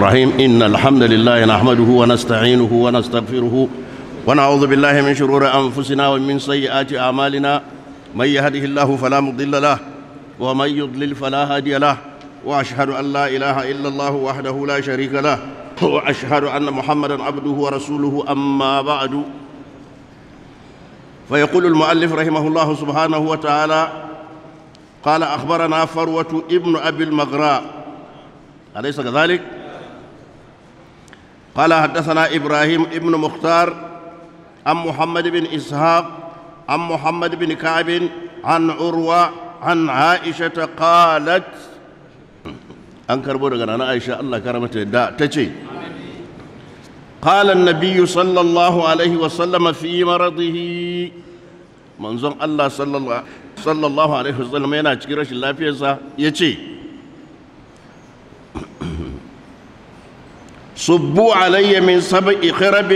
ابراهيم إن الحمد لله نحمده ونستعينه ونستغفره ونعوذ بالله من شرور أنفسنا ومن سيئات أعمالنا من يهده الله فلا مضل له ومن يضلل فلا هادي له وأشهد أن لا إله إلا الله وحده لا شريك له وأشهد أن محمدا عبده ورسوله أما بعد فيقول المؤلف رحمه الله سبحانه وتعالى قال أخبرنا فروة ابن أبي المغراء أليس كذلك؟ قال حدثنا إبراهيم ابن مختار عن محمد بن إسحاق عن محمد بن كعب عن عروة عن عائشة قالت أنكر بورغان عائشة الله كرمته دا تجي قال النبي صلى الله عليه وسلم في مرضه منظم الله صلى الله صلى الله عليه وسلم ينا cikin rashin lafiyarsa yace صبوا علي من سبع خرب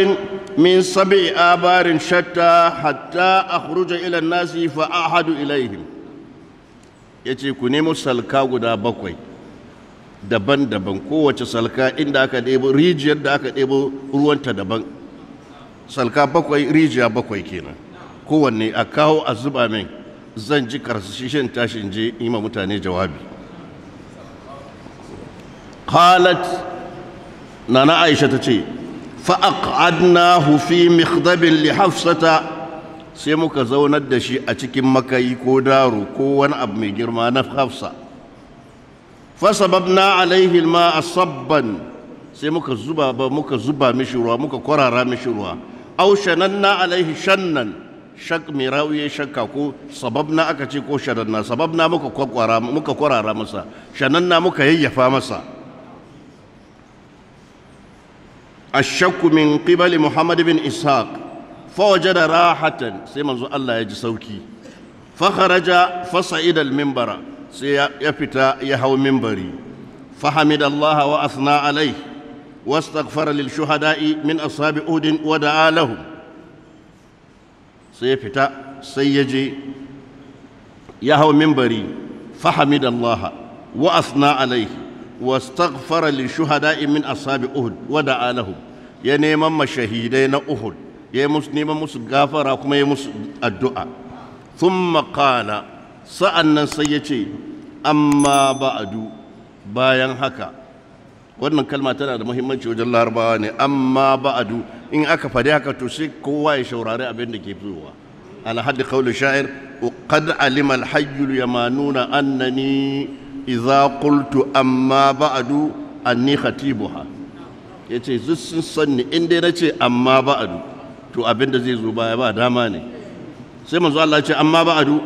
من سبع آبار شتى حتى أخرج إلى الناس فأحد إليهم ku كنيمو salka guda bakwai daban daban kowace salka inda aka ɗebo rijiyar da aka ɗebo ruwanta daban salka bakwai rijiya bakwai kenan kowanne a kawo a zuba min zan ji karsashin tashi in je yi ma mutane jawabi qalat nana aisha ta ce fa'aqadnahu fi mikhdabin li hafsata sai muka zaunar da shi a cikin makayi ko daro ko wani abu mai girma na hafsa Fa fasababna alaihi ma sabban sai muka zuba ba muka zuba mishi ruwa muka kwarara mishi ruwa aw shananna alaihi shannan shak mai rawiye shakka ko sababna aka ce ko shananna sababna muka kwakwara muka kwarara masa shananna muka yayyafa masa الشك من قبل محمد بن إسحاق فوجد راحة سيما الله يجي سوكي فخرج فصعد المنبر سيفتا يهو منبري فحمد الله وأثنى عليه واستغفر للشهداء من أصحاب أود ودعا لهم سيفتا سيجي يهو منبري فحمد الله وأثنى عليه واستغفر للشهداء من أصحاب أهد ودعا لهم يا نيما مشهيدين أهد يا مسلم مسغفر وكما يا الدعاء ثم قال سألنا سيتي أما بعد bayan haka wannan kalma tana da muhimmanci wajen larabawa ne amma ba'adu in aka faɗi haka to sai kowa ya saurari abin da ke fitowa ala haddi qawli sha'ir qad alima al-hayy yamanuna annani Iza qultu amma ba'du anni khatibuha yace duk sun sanni in dai nace amma ba'du to abinda zai zo baya ba dama ne sai manzo Allah ya ce amma ba'du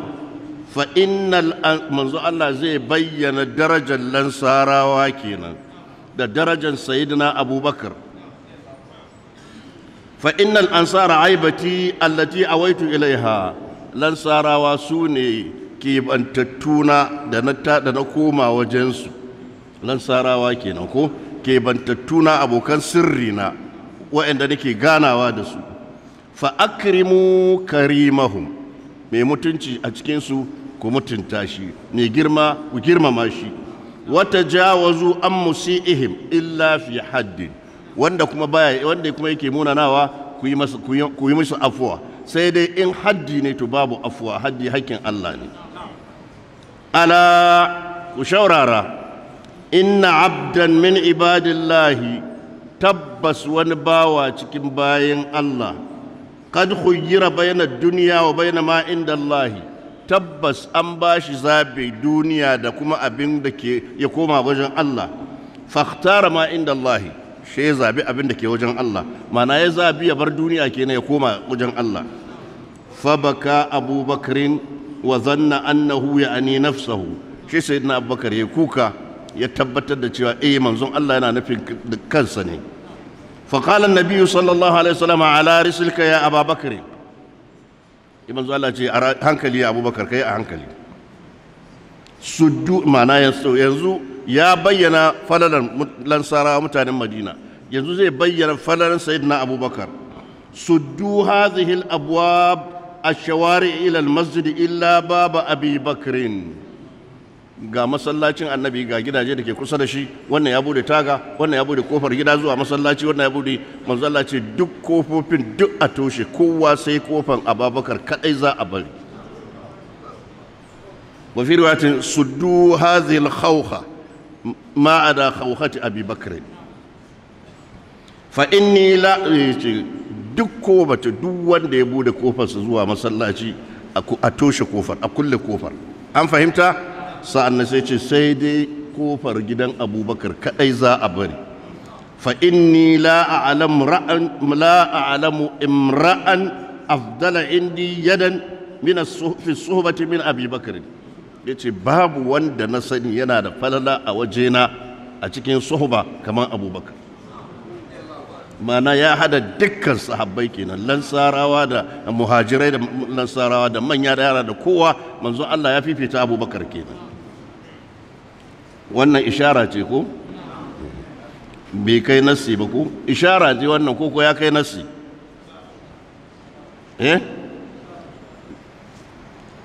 fa innal manzo Allah zai bayyana darajar lansarawa kenan da darajar sayyidina Abubakar fa innal ansara aibati allati awaitu ilaiha lansarawa su ne. kebantattuna da na tada na koma wajensu lansarawa kenan ko kebantattuna abokan sirri na waɗanda nake ganawa da su fa akrimu karimahum mai mutunci a cikinsu ku mutunta shi mai girma ku girmama shi wata jawazu an musi'ihim illa fi haddin wanda kuma baya wanda kuma yake munanawa ku yi musu afuwa sai dai in haddi ne to babu afuwa haddi hakkin Allah ne ala ku shaurara inna abdan min ibadillahi tabbas wani bawa cikin bayan Allah kad khuyira bayna duniya wa bayna ma inda Allah tabbas an bashi zabe duniya da kuma abin da ya koma wajen Allah fakhtara ma inda Allah shi ya abin da ke wajen Allah mana ya zabi ya bar duniya kena ya koma wajen Allah fabaka abubakarin wa zanna annahu ya'ni nafsahu shi sayyidina abubakar ya kuka ya tabbatar da cewa eh manzon Allah yana nufin kansa ne fa qala an-nabi sallallahu alaihi wasallam ala rislika ya ababakar manzon Allah ce hankali ya abubakar kai a hankali suddu ma'ana yanzu ya bayyana falalan lansarawa mutanen madina yanzu zai bayyana falalan sayyidina abubakar suddu hadhihi al-abwab الشوارع إلى المسجد إلا باب أبي بكر ga masallacin annabi ga gidaje da ke kusa da shi wannan ya bude taga wannan ya bude kofar gida zuwa masallaci wannan ya bude masallaci duk kofofin duk a toshe kowa sai kofan ababakar kadai za a bari wa fi riwayatin suddu hadhihi al-khawha ma khawhati abi bakr fa inni la duk ko mace duk wanda ya bude kofarsa zuwa masallaci a toshe kofar a kulle kofar an fahimta sa'an na sai ce sai dai kofar gidan abubakar kadai za a bari fa inni la a'lamu ra'an la a'lamu imra'an afdala indi yadan min as-suhfi min abi bakr yace babu wanda na sani yana da falala a wajena a cikin suhba kamar abubakar Ma'ana ya hada dukkan sahabbai kenan lansarawa da muhajirai da lansarawa da manya da yara da kowa manzon Allah ya fifita abubakar kenan wannan ishara ce ko bai kai nassi ba ko ishara ce wannan koko ya kai nassi eh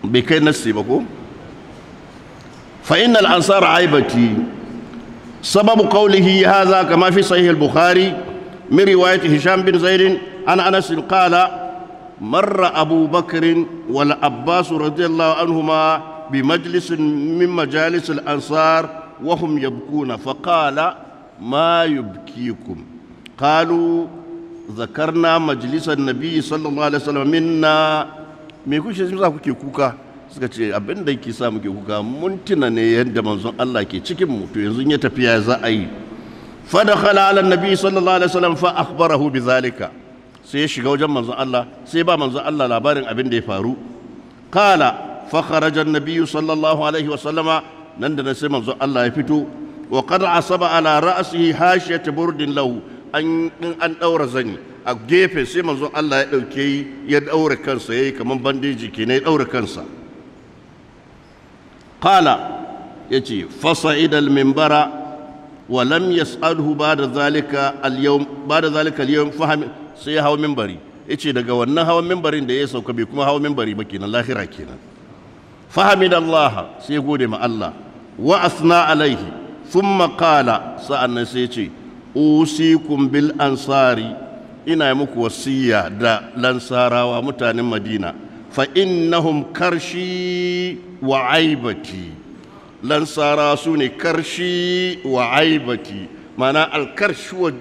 bai kai nassi ba ko fa innal ansar aibati sababu qawlihi haza kama fi sahih al-bukhari من رواية هشام بن زيد عن أنس قال مر أبو بكر والعباس رضي الله عنهما بمجلس من مجالس الأنصار وهم يبكون فقال ما يبكيكم قالوا ذكرنا مجلس النبي صلى الله عليه وسلم منا me kuke sa kuke kuka suka ce abin da منتنا sa muke الله كي tuna ne yadda manzon Allah ke فدخل على النبي صلى الله عليه وسلم فأخبره بذلك sai ya shiga wajen manzon Allah sai ba manzon Allah labarin abin da ya faru kala fa kharaja an-nabiy sallallahu alaihi wa sallama nan da na sai manzon Allah ya fito wa asaba ana ra'sihi hashiyat burdin lahu an an ɗaura zani a gefen sai manzon Allah ya ɗauki ya daura kansa yayi kamar bandeji kenan ya daura kansa kala yace fa sa'idal minbara ولم يسأله بعد ذلك اليوم بعد ذلك اليوم فهم sai hawa mimbari yace daga wannan hawan mimbarin da ya sauka bai kuma hawa mimbari ba kenan lahira kenan fahamidallaha sai gode ma Allah wa asna alaihi thumma qala sa'annan sai yace usikum bil ansari ina muku wasiya da lansarawa mutanen Madina fa innahum karshi wa aibati lansara su ne karshi wa aibati mana alkarshi wa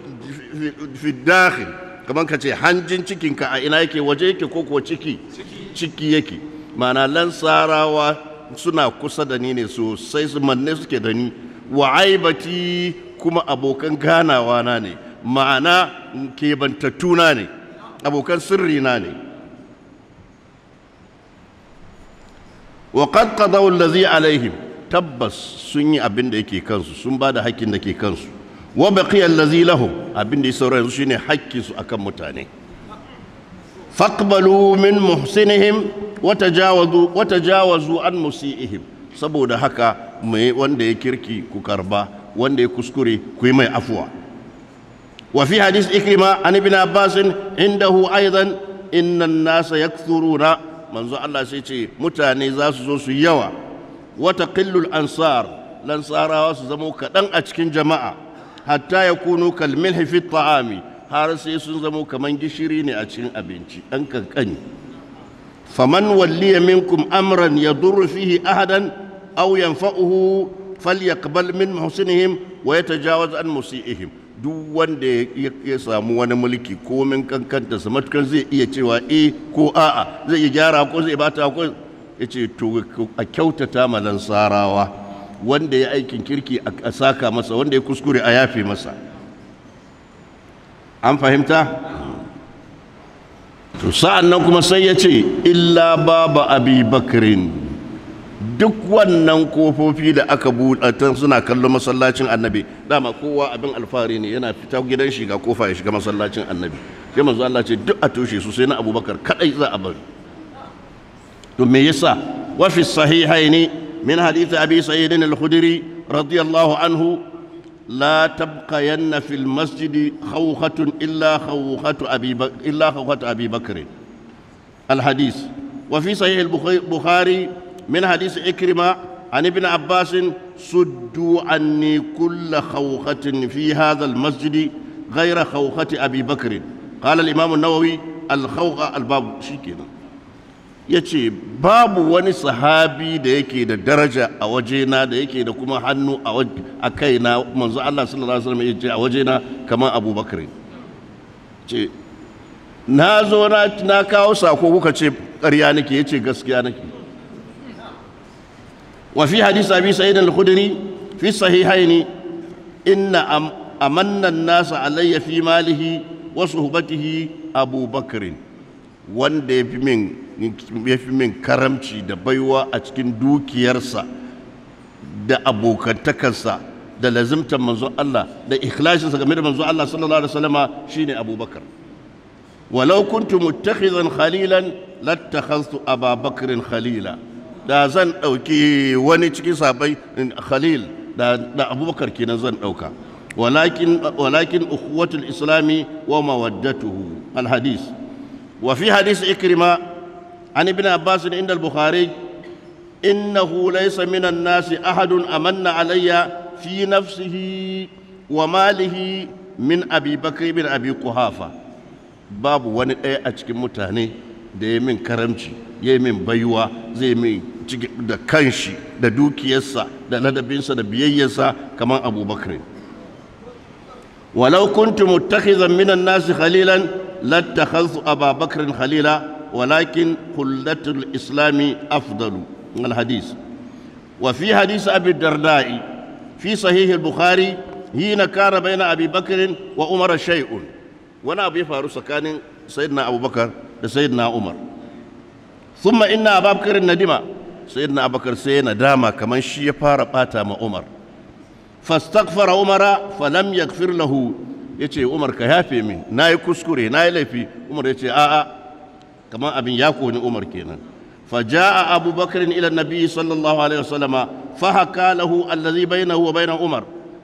fidahi kamar ka ce hanjin cikinka a ina yake waje yake ko kuwa ciki ciki yake mana lansarawa suna kusa da ni ne sosai su manne suke da ni wa aibati kuma abokan ganawa na ne ma'ana kebantattuna ne abokan sirri na ne wa qad qadaw zai alaihim tabbas sun yi abin da yake kansu sun ba da hakkin da ke kansu wa baqiya allazi lahum abin da ya yanzu shine hakkin su akan mutane faqbalu min muhsinihim wata jawazu wa tajawazu an saboda haka mai wanda ya kirki ku karba wanda ya kuskure ku yi mai afuwa wa fi hadis ikrima an ibn abbas indahu aidan inna an-nasa yakthuruna manzo Allah sai ce mutane za su zo su yawa wata ƙillul ansar lansarawa su zama kaɗan a cikin jama'a hatta ya kunu kalmilhi fi ta'ami har sai sun zama kaman gishiri ne a cikin abinci ɗan kankani faman walliya minkum amran yadurru fihi ahadan fal ya falyaqbal min muhsinihim wa yatajawaz an musiihim duk wanda ya samu wani mulki komin kankanta su matukar zai iya cewa eh ko a'a zai iya gyara ko zai bata ko yace to a kyautata ma lansarawa wanda ya aikin kirki a saka masa wanda ya kuskure a yafe masa an fahimta to sa'an nan kuma sai ya ce illa baba abi Bakirin duk wannan kofofi da aka buɗatan suna kallon masallacin annabi dama kowa abin alfahari ne yana fita gidan shiga kofa ya shiga masallacin annabi sai manzo Allah ce duk a toshe su sai na abubakar kadai za a bari تميسة وفي الصحيحين من حديث أبي سعيد الخدري رضي الله عنه لا تبقين في المسجد خوخة إلا خوخة أبي بكر إلا خوخة أبي بكر الحديث وفي صحيح البخاري من حديث إكرمة عن ابن عباس سدوا عني كل خوخة في هذا المسجد غير خوخة أبي بكر قال الإمام النووي الخوخة الباب شكرا ya ce babu wani sahabi da yake da daraja a wajena da yake da kuma hannu a kaina manzo Allah sallallahu alaihi wasallam ya ce a wajena kamar Abu ce na zo na kawo sako kuka ce ƙarya nake yace gaskiya nake wa fi hadis abi sa'id al-khudri fi sahihaini inna amanna an-nas alayya fi malihi wa suhbatihi Abu wanda ya fi min karamci da baiwa a cikin dukiyarsa da abokantakarsa da lazimtar manzon Allah da ikhlashinsa game da manzon Allah sallallahu alaihi wasallama shine abubakar walau kuntu muttakhizan khalilan lattakhaztu ababakrin khalila da zan ɗauki wani cikin sabai khalil da abubakar kenan zan ɗauka walakin walakin ukhuwatul islami wa mawaddatuhu alhadis وفي حديث إكرمة عن ابن عباس عند البخاري إنه ليس من الناس أحد أمن علي في نفسه وماله من أبي بكر بن أبي قحافة باب wani ɗaya a cikin mutane da ya min karamci ya min baiwa zai min da kanshi da dukiyarsa da ladabinsa da biyayyarsa kamar abubakar walau kuntu muttakhizan minan nasi khalilan لاتخذت أبا بكر خليلا ولكن خلة الإسلام أفضل من الحديث وفي حديث أبي الدرداء في صحيح البخاري حين كان بين أبي بكر وعمر شيء وانا أبي فارس كان سيدنا أبو بكر سيدنا عمر ثم إن أبا بكر الندمة سيدنا أبو بكر سيدنا داما كمان شيء فار باتا ما عمر فاستغفر عمر فلم يغفر له ya ce umar ka yafe min na yi kuskure na yi laifi umar ya ce a'a kamar abin ya koni umar kenan Fa فجاء أبو بكر إلى sallallahu alaihi الله عليه وسلم فحكى له الذي wa وبين Umar.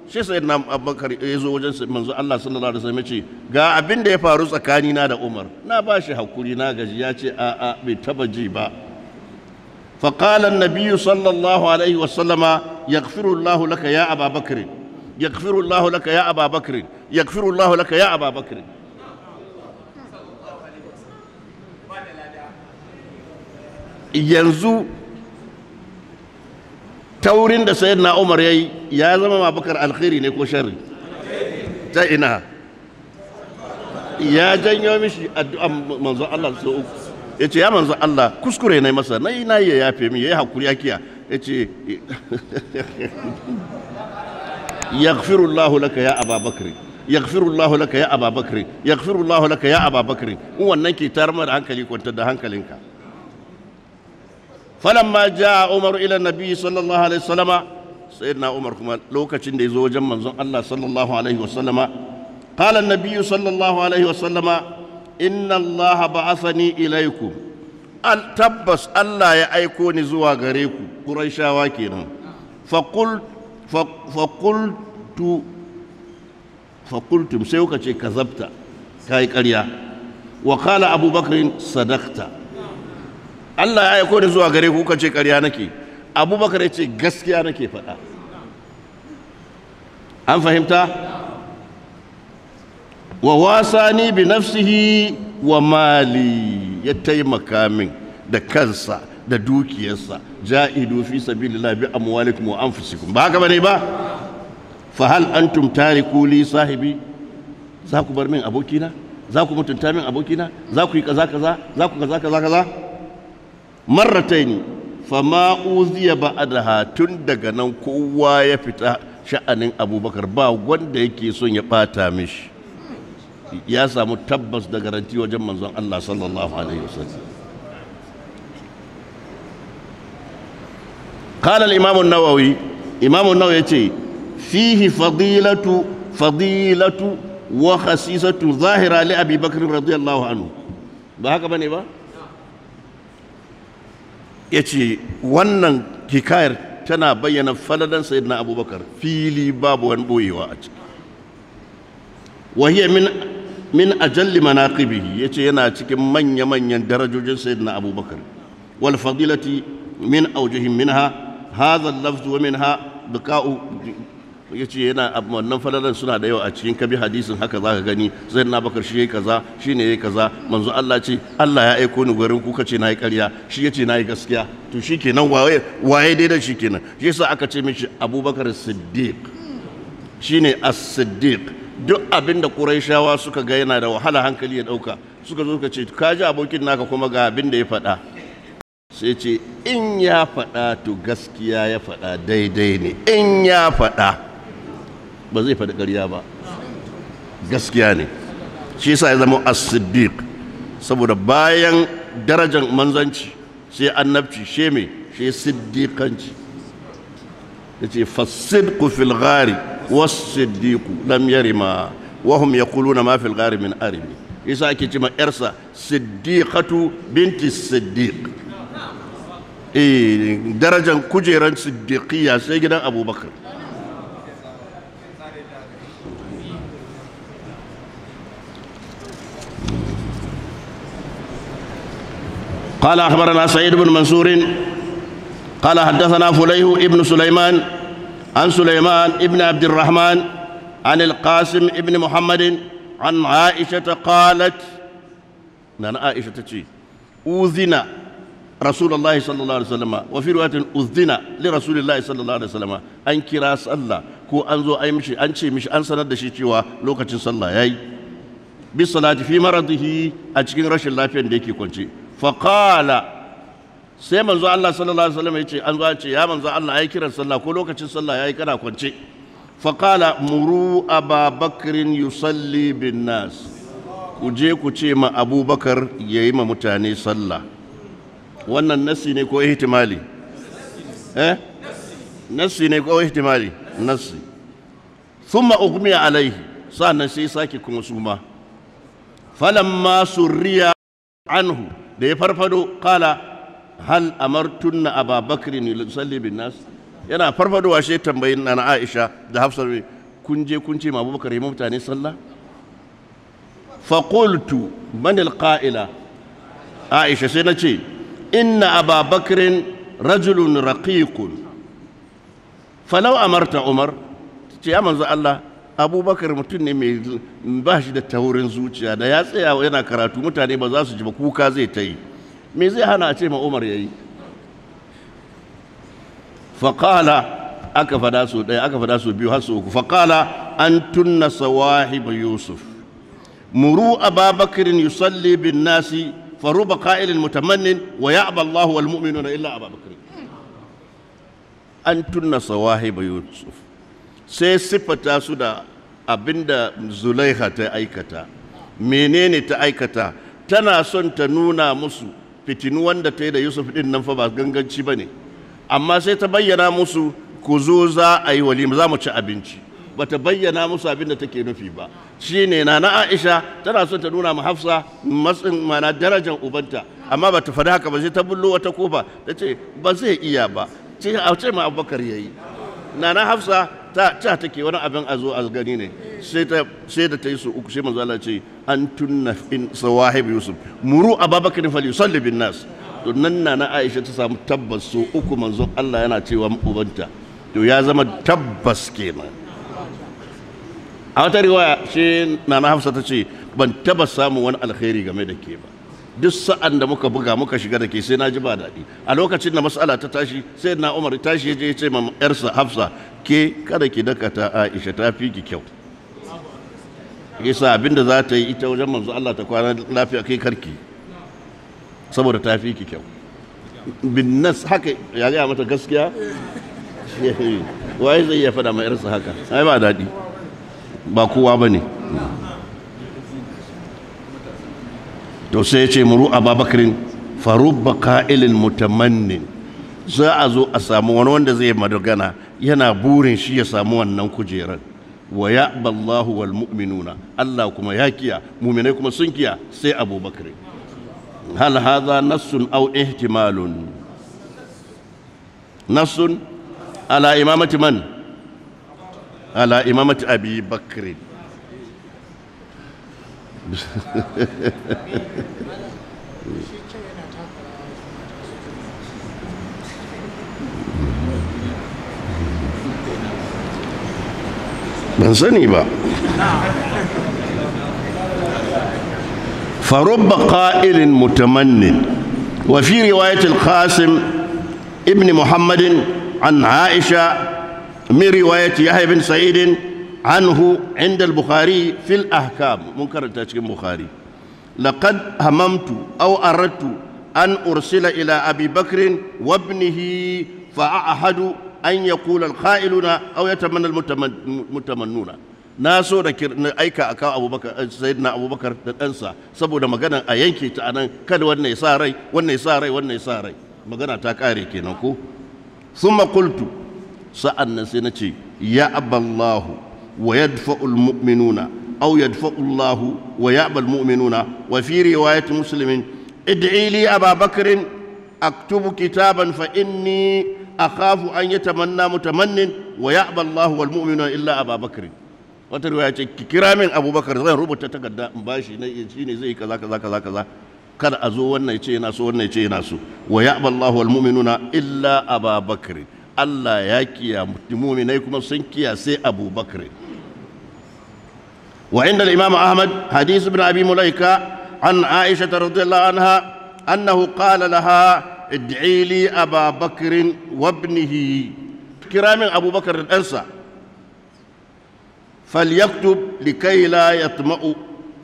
shi sai na abubakar ya zo wajen manzo Allah sallallahu alaihi wasallam ce ga abin da ya faru tsakani na da Umar na ba shi hakuri na gaji ya ce a'a bai taba ji ba fa qala an-nabiy sallallahu alaihi wasallama yaghfiru Allahu laka ya Abu Bakr يغفر الله لك يا أبا بكر يغفر الله لك يا أبا بكر yanzu taurin da na umar ya yi ya zama mabakar alkhairi ne ko sharri ta ina ya janyo mishi addu'an manzo Allah sau uku ya ya manzo Allah kuskure na masa na yi na yi ya yafe min ya hakuri ya kiya yaghfiru Allahu laka ya Aba Bakr yaghfiru Allahu laka ya Aba Bakr yaghfiru Allahu laka ya Aba Bakr in wannan ke tar da hankali kwantar da hankalinka falamma jaa Umar ila Nabi sallallahu alaihi wasallama sayyidina Umar kuma lokacin da yazo wajen manzon Allah sallallahu alaihi wasallama qala an-nabi sallallahu alaihi wasallama inna Allah ba'athani ilaikum al tabbas Allah ya aiko ni zuwa gare ku Qurayshawa kenan faqult fakultu fakultum sai kuka ce ka zabta ka yi ƙarya wa kala abubakarin sadakta Allah ya aiko da zuwa gare kuka ce ƙarya nake abubakar ya ce gaskiya nake faɗa an fahimta wa wasani bi nafsihi wa mali ya taimaka min da kansa da dukiyarsa ja'idu fi sabilillah bi amwalikum wa anfusikum ba haka bane ba fa hal antum tariku sahibi za ku bar min abokina za ku mutunta min abokina za ku yi kaza kaza za ku kaza kaza kaza uziya tun daga nan kowa ya fita sha'anin abubakar ba wanda yake son ya bata mishi ya samu tabbas da garanti wajen manzon Allah sallallahu alaihi wasallam قال الإمام النووي إمام النووي يتي فيه فضيلة فضيلة وخصيصة ظاهرة لأبي بكر رضي الله عنه بهاك بني با يتي ونن حكاير تنا بينا فلدا سيدنا أبو بكر فيلي باب ونبوي واتك وهي من من أجل مناقبه يتي ينا تكن من يمن درجة سيدنا أبو بكر والفضيلة من أوجه منها hadha al-lafz wa minha buka'u yace yana wannan falalan suna da yawa a cikin kabi hadisin haka zaka gani zai na bakar shi yayi kaza shine yayi kaza manzo Allah ce Allah ya aiko ni gurin ku kace nayi ƙarya shi yace nayi gaskiya to kenan waye waye dai da kenan shi sa aka ce mishi Abubakar Siddiq ne As-Siddiq duk abin da Qurayshawa suka ga yana da wahala hankali ya ɗauka. suka zo suka ce ka ji abokin naka kuma ga abin da ya faɗa sai ce in ya faɗa to gaskiya ya faɗa daidai ne in ya faɗa ba zai faɗi ƙarya ba gaskiya ne shi sa ya zama as saboda bayan darajar manzanci sai annabci mai me siddiƙanci ya ce fasidku fil ghari was Siddiku? lam yarima wa ya kuluna ma fil ghari min arimi isa ake cewa yarsa siddiqatu binti siddiq درجة كجيران صديقية سيدنا أبو بكر قال أخبرنا سعيد بن منصور قال حدثنا فليه ابن سليمان عن سليمان ابن عبد الرحمن عن القاسم ابن محمد عن عائشة قالت نانا نعم، عائشة تشي أوذنا رسول الله صلى الله عليه وسلم وفي رواية أذن لرسول الله صلى الله عليه وسلم أن كرا صلى كو أنزو أي مشي أنشي مش أن سند شيوا لوكا صلى ياي بالصلاة في مرضه أتشكين رش الله في ديكي كونشي فقال sai manzo Allah sallallahu alaihi wasallam yace an zo an ce ya manzo Allah ai kira sallah ko lokacin sallah yayi kana kwance fa qala muru ababakrin yusalli bin nas ku je ku ce ma abubakar yayi ma mutane sallah wannan nassi ne ko ihtimali eh nassi ne ko ihtimali nassi thumma ughmiya alaihi sannan sai sake kuma suma falamma surriya anhu da ya farfado kala hal amartunna ababakrin yusalli bin nas yana farfadowa shi tambayin nana Aisha da Hafsa kun je kun ce ma Abubakar yi mutane sallah fa qultu man alqa'ila Aisha sai na ce إن أبا بكر رجل رقيق فلو أمرت عمر يا منزل الله أبو بكر متن مي باشي da taurin zuciya da ya tsaya yana karatu mutane ba za su ji ba kuka zai ta yi me zai hana a ce ma Umar yayi Faƙala, aka fada so ɗaya aka fada so biyu har uku an tunna sawahib yusuf muru ababakar yusalli bin nasi faruba qa'ilin mutamannin wa ya'ba Allahu wal mu'minuna illa Abu Bakr an tunna sawahib Yusuf sai sifata su da abinda Zulaiha ta aikata menene ta aikata tana son ta nuna musu fitinu wanda ta yi da Yusuf ɗin nan fa ba ganganci bane amma sai ta bayyana musu ku zo za a yi walima za mu ci abinci bata bayyana musu abin da take nufi ba ne na na Aisha tana so ta nuna ma Hafsa matsin mana darajar ubanta amma ba ta faɗi haka ba sai ta bullo wata kofa ta ce ba zai iya ba ce a ce ma Abubakar ya na na Hafsa ta ta take wani abin a zo a gani ne sai ta sai da ta yi su uku sai manzo Allah ce an tunna in sawahib Yusuf muru a fal yusalli bin nas to nan na Aisha ta samu tabbas so uku manzon Allah yana cewa ubanta to ya zama tabbas kenan a wata riwaya shi nana hafsa ta ce ban taba samun wani alkhairi game da ke ba duk sa'an da muka buga muka shiga da ke sai na ji ba daɗi a lokacin da matsala ta tashi sai na umar tashi ya je ya ce ma yarsa hafsa ke kada ki dakata aisha ta fi ki kyau yasa abinda za ta yi ita wajen manzo Allah ta kwana lafiya kai karki saboda ta fi ki kyau bin nas haka ya gaya mata gaskiya waye zai iya faɗa ma yarsa haka ai ba daɗi ba kowa ba ne to sai ce muru Faru ba ka'ilin mutamannin za a zo a samu wani wanda zai madagana yana burin shi ya samu wannan kujerar wa ya ballahu wal mu'minuna Allah kuma ya kiya mu'minai kuma sun kiya sai abubakar hal haza nassun au ihtimalun nassun ala imamati man ala imamati abi bakri ban sani ba فرب قائل متمن وفي رواية القاسم ابن محمد عن عائشة من رواية يحيى بن سعيد عنه عند البخاري في الأحكام منكر تشكي البخاري لقد هممت أو أردت أن أرسل إلى أبي بكر وابنه فأعهد أن يقول الخائلون أو يتمنى المتمنون ناسو ذكر أيك أكا أبو بكر سيدنا أبو بكر أنسى سبوا لما كان أينك أنا كان ون يساري ون يساري ون يساري ما كان تكاري كنوكو ثم قلت sa'an nan sai na ce ya aballahu wa yadfa'ul mu'minuna aw yadfa'u Allahu wa ya'bal mu'minuna wa fi riwayati muslimin id'i li aba bakrin aktubu kitaban fa inni akhafu an yatamanna mutamannin wa ya'ba Allahu wal mu'minuna illa aba bakrin wata riwaya ce ki kira min abubakar zan rubuta takarda in bashi na shi ne zai kaza kaza kaza kaza kada a zo wannan ya ce yana so wannan ya ce yana so wa ya'ba Allahu wal mu'minuna illa aba bakrin Allah ya kiya muminai kuma sun kiya sai Abu Bakr wa inda Imam Ahmad hadith ibn Abi Mulaika an Aisha radhiyallahu anha annahu qala laha ادعي لي أبا بكر وابنه كرام أبو بكر الأنسى فليكتب لكي لا يطمع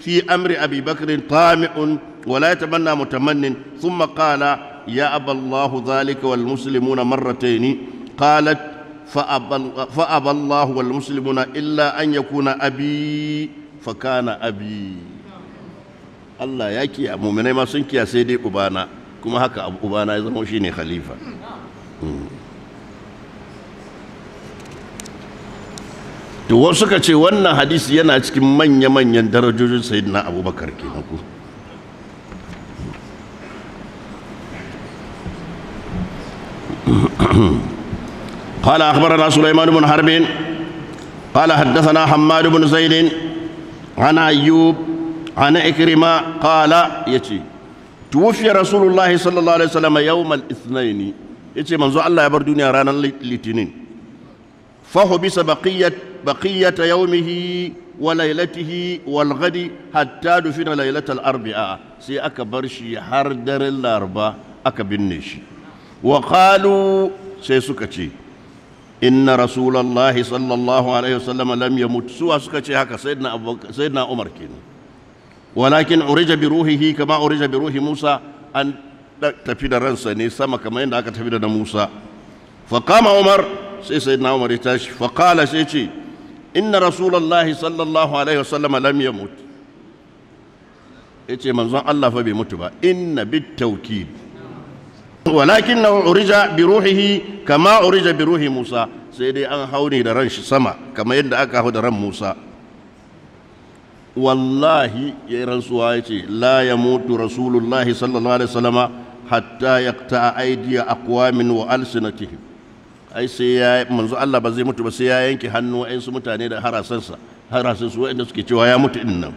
في أمر أبي بكر طامع ولا يتمنى متمن ثم قال يا أبا الله ذلك والمسلمون مرتين قالت فأبى الله والمسلمون إلا أن يكون أبي فكان أبي الله يكي يا مؤمنين ما سنكي يا سيدي أبانا كما هكا أبانا إذا مو شيني خليفة to wasu suka ce wannan hadisi yana cikin manya-manyan darajojin sayyidina abubakar kenan ku Mm-hmm. قال أخبرنا سليمان بن حرب قال حدثنا حماد بن زيد عن أيوب عن إكرمة قال يتي توفي رسول الله صلى الله عليه وسلم يوم الاثنين يتي منزو الله يبر دنيا رانا الاثنين فحبس بقية بقية يومه وليلته والغد حتى دفن ليلة الأربعاء سي أكبر شي حردر الأربعاء أكبر نشي وقالوا سي سكتي inna rasulallahi sallallahu alaihi wasallam lam yamut suwa suka ce haka sayyidina umar kenan walakin urija bi ruhihi kama urija bi ruhi musa an tafi da ransa ne sama kamar yadda aka tafi da na musa fa kama umar sai sayyidina umar ya tashi fa qala sai ce inna rasulallahi sallallahu alaihi wasallam lam yamut yace manzon Allah fa bai mutu ba inna bit tawkid ولكنه عرج بروحه كما عرج sama kama yadda aka hau da ran Musa. Wallahi, هو دران موسى والله يرسوا آيتي لا يموت رسول الله صلى الله عليه وسلم حتى يقطع أيدي أقوام وألسنتهم ai sai ya manzo Allah ba zai mutu ba sai ya yanke hannu wa'insu mutane da harasansa harasansu wa'inda suke cewa ya mutu din nan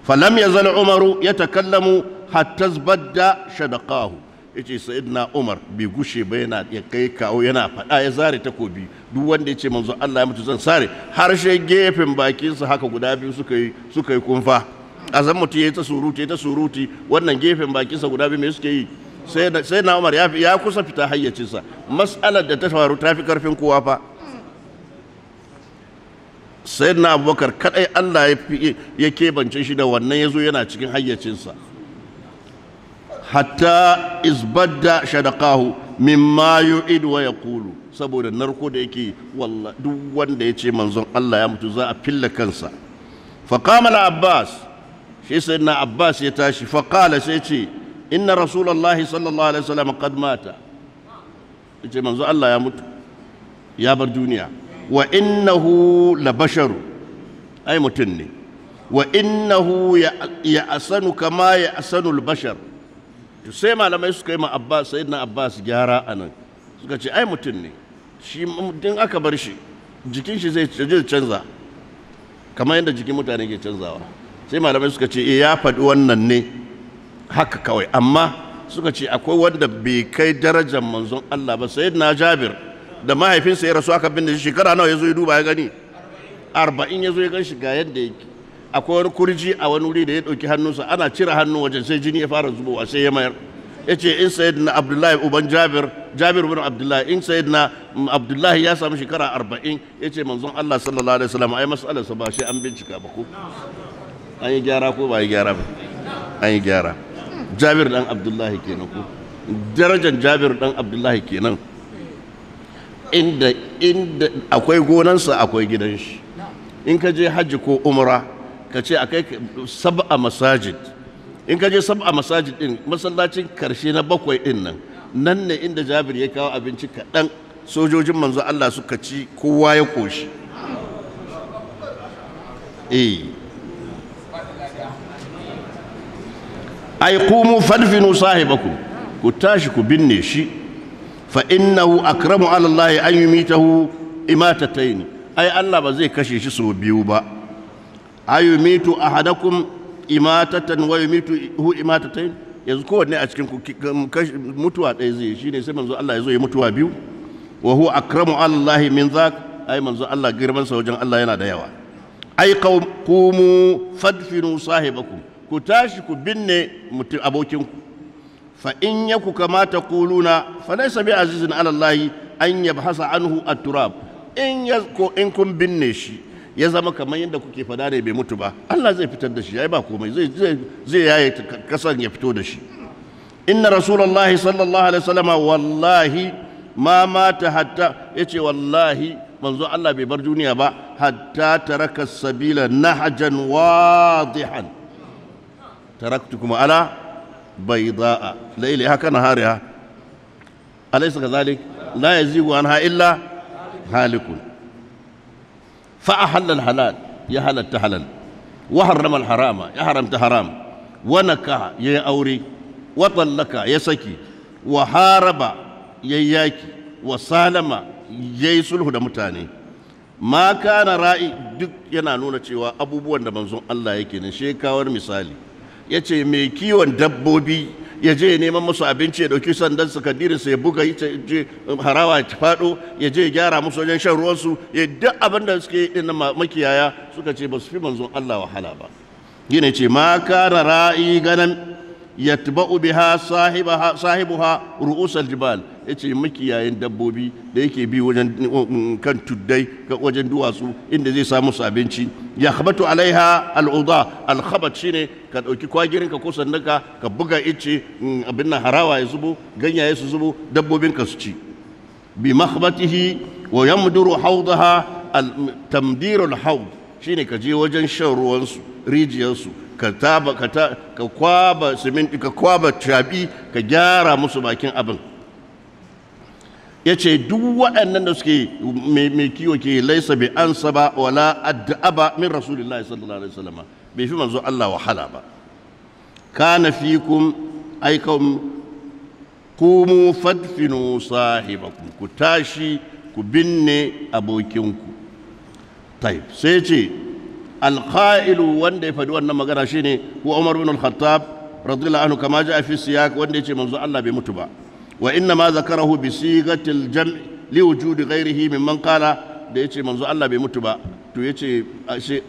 falam yazal umaru yatakallamu hatta zbadda shadaqahu yace na Umar bai gushe ba yana ya kai kawo yana faɗa ya zare takobi duk wanda ya yace manzo Allah ya mutu zan sare harshe gefen bakinsa haka guda biyu suka yi suka yi kunfa azan mutu yi ta ya ta suruti wannan gefen bakinsa guda biyu me suke yi sai na Umar ya kusa fita hayyacinsa mas'alar da ta faru ta fi karfin kowa fa sai abubakar kadai allah ya keɓance shi da wannan ya zo yana cikin hayyacinsa hatta isbadda shadaqahu mimma yu'id wa yaqulu saboda narko da yake wallahi duk wanda ya ce manzon Allah ya mutu za a filla kansa fa qama abbas shi sayyidina abbas ya tashi fa qala sai ce inna rasulullahi sallallahu alaihi wasallam qad mata yace manzon Allah ya mutu ya bar duniya wa innahu la basharu ai mutun ne wa innahu ya asanu kama ya asanu al-bashar to sai malamai suka yi ma abbas Abba abbas gyara a nan suka ce ai mutum ne shi mutum aka bar shi jikin shi zai canza kamar yadda jikin mutane ke canzawa sai malamai suka ce eh, ya faɗi wannan ne haka kawai amma suka ce akwai wanda bai kai darajar manzon Allah ba na jabir da mahaifinsa ya rasu aka binne shi shekara nawa ya zo ya duba ya gani arba'in ya zo ya gan shi ga yadda yake akwai wani kurji a wani wuri da ya ɗauki hannunsa ana cire hannu wajen sai jini ya fara zubowa sai ya mayar ya ce in sayidina abdullahi uban jabir jabir bin abdullahi in sayidina abdullahi ya samu shekara arba'in ya ce manzon allah sallallahu alaihi wasallam ai masalarsa ba shi an bincika ba ko an yi gyara ko ba yi gyara ba an yi gyara jabir dan abdullahi kenan ko darajar jabir dan abdullahi kenan inda inda akwai gonansa akwai gidan shi in ka je hajji ko umra ka ce a kai sab'a masajid in ka je sab'a masajid din masallacin karshe na bakwai din nan nan ne inda Jabir ya kawo abinci kaɗan sojojin manzo Allah suka ci kowa ya koshi eh ai qumu fadfinu sahibakum ku tashi ku binne shi fa innahu akramu ala Allah an yumitahu imatatayn ai Allah ba zai kashe shi so biyu ba ayumitu ahadakum imatatan wa yumitu hu imatatan, yanzu wanne a cikin mutuwa ɗaya zai shine sai manzo Allah ya zo ya mutuwa biyu wa huwa akramu Allah min zak ai manzo Allah girman sa wajen Allah yana da yawa ai qumu fadfinu sahibakum ku tashi ku binne mutum abokinku fa in yaku kama taquluna fa laysa bi azizin ala Allah an yabhasa anhu at-turab in yasko in kun binne shi ya zama kamar yadda kuke fada ne bai mutu ba Allah zai fitar da shi ya ba komai zai yaye kasan ya fito da shi inna rasulullahi sallallahu alaihi wasallama wallahi ma mata hatta yace wallahi manzo Allah bai bar duniya ba hatta taraka sabila nahjan wadihan taraktukum ala bayda'a laylaha kana hariha alaysa kadhalik la yazigu anha illa halikun فأحل الحلال يا هلت حلال وحرم الحرام يا حرمت حرام ونكح يا أوري وطلق يا سكي وحارب يا ياكي وسالم يا يسلح متاني ما كان رأي دك ينا نونا cewa abubuwan da manzon Allah yake ne shekawar misali yace mai kiwon dabbobi ya je neman musu abinci ya dauki sandan su kadirin su ya buga je harawa ya fado ya je um, gyara musu wajen shan ruwan su ya duk abin da suke yi din makiyaya suka ce ba su fi manzon Allah wahala ba gine ce ma kana ra'i ganan yatba'u biha sahibaha sahibuha ru'usal jibal yace makiyayin dabbobi da yake bi wajen kan tuddai wajen duwatsu inda zai samu su abinci ya khabatu alaiha al'udha al-khabat shine ka dauki kwagirin ka ko sandaka ka buga ice mm, abin nan harawa ya zubo ganyaye su zubo dabbobin ka su ci bi makhbatihi wa yamduru hawdaha tamdiru al-hawd shine ka je wajen shan ruwan su rijiyar su ka taba ka kwaba siminti ka kwaba ka gyara musu bakin abin ya ce duk waɗannan da suke mai kiwo ke laisa bi an saba wala adda'aba min rasulillahi sallallahu alaihi wasallam bai fi manzo Allah wahala ba kana fikum aikum qumu fadfinu sahibakum ku tashi ku binne abokinku taib sai ce alqailu wanda ya faɗi wannan magana shine ko Umar ibn al-Khattab radiyallahu anhu kama ja fi siyak wanda ya ce manzo Allah bai mutu ba وإنما ذكره بصيغة الجمع لوجود غيره ممن قال da ya ce manzo Allah bai mutu ba to ya ce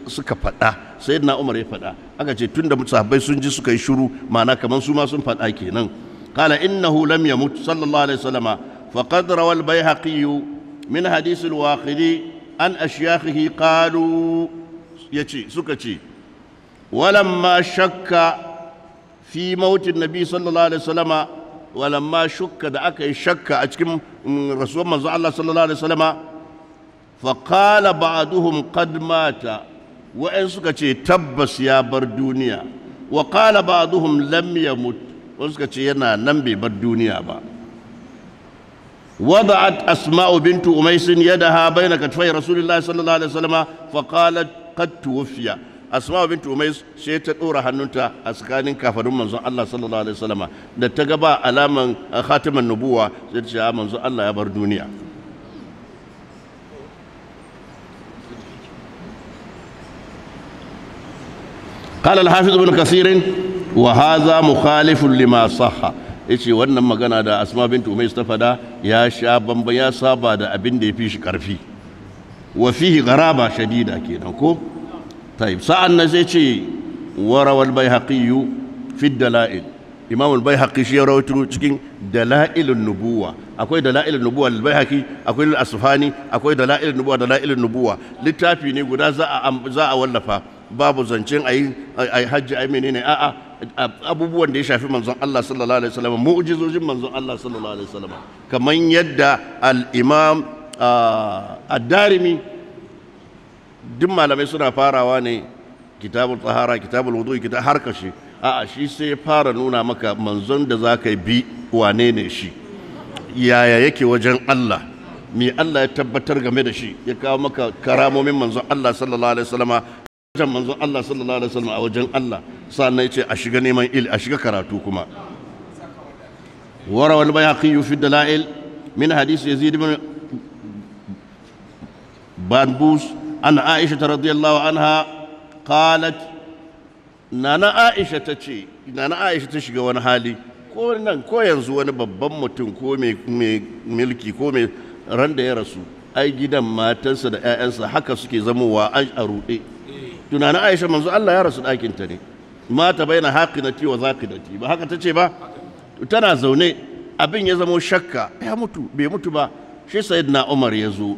suka faɗa sai na umar ya faɗa aka ce tun da sahabbai sun ji suka yi shuru ma'ana kamar su ma sun faɗa kenan qala innahu lam yamut sallallahu alaihi wasallam faqad rawa al-baihaqi min hadith al-waqidi an ashyakhihi qalu yace suka ce walamma shakka fi mautin nabi sallallahu alaihi wasallama walamma shukka da aka yi shakka a cikin mm, rasuwar manzo Allah sallallahu alaihi wasallama fa qala mata wa'an suka ce tabbas ya bar duniya wa qala ba'duhum lam suka ce yana nan bai bar duniya ba وضعت أسماء بنت أميس يدها بين كتفي رسول الله صلى الله عليه وسلم فقالت قد توفي asma binti umais sai ta dora hannunta a tsakanin kafarun manzon Allah sallallahu alaihi da ta ga ba alaman khatiman nubuwa sai ta ce manzon Allah ya bar duniya قال الحافظ ابن كثير وهذا مخالف لما صح yace wannan magana da asma bint umais ta fada ya sha bamba ya saba da abin da ya fi shi karfi wa fihi shadida kenan ko طيب سأل نزيتي وروى البيهقي في الدلائل إمام البيهقي شي رويته تشكين دلائل النبوة أكوي دلائل النبوة للبيهقي أكوي للأصفهاني أكوي دلائل النبوة دلائل النبوة للتافي نيقول زاء زاء ولفا babu zancen a ayi hajji ayi menene a'a abubuwan da ya shafi manzon Allah sallallahu alaihi wasallam mu'jizojin manzon Allah sallallahu alaihi wasallam kaman yadda al-imam ad-darimi duk malamai suna farawa ne kitabul tsahara kitabul wudu kita har a a'a shi sai fara nuna maka manzon da za ka bi wane ne shi yaya yake wajen Allah me Allah ya tabbatar game da shi ya kawo maka karamomin manzon Allah sallallahu alaihi wasallama wajen manzon Allah sallallahu alaihi wasallama a wajen Allah sannan yace a shiga neman il a shiga karatu kuma wal bayaqi fi dalail min hadith yazid ibn banbus an aisha ta radiyallahu anha qalat nana aisha ta ce nana aisha ta shiga wani hali ko yanzu wani babban mutum ko mai milki ko mai ran da ya rasu ai gidan matansa da 'ya'yansa haka suke zamowa a ruɗe tunanin aisha manzo Allah ya rasu ɗakin ta ne mata bai na haƙinati wa zaƙinati ba haka ta ce ba tana zaune abin ya zamo shakka ya mutu bai mutu ba shi na umar ya zo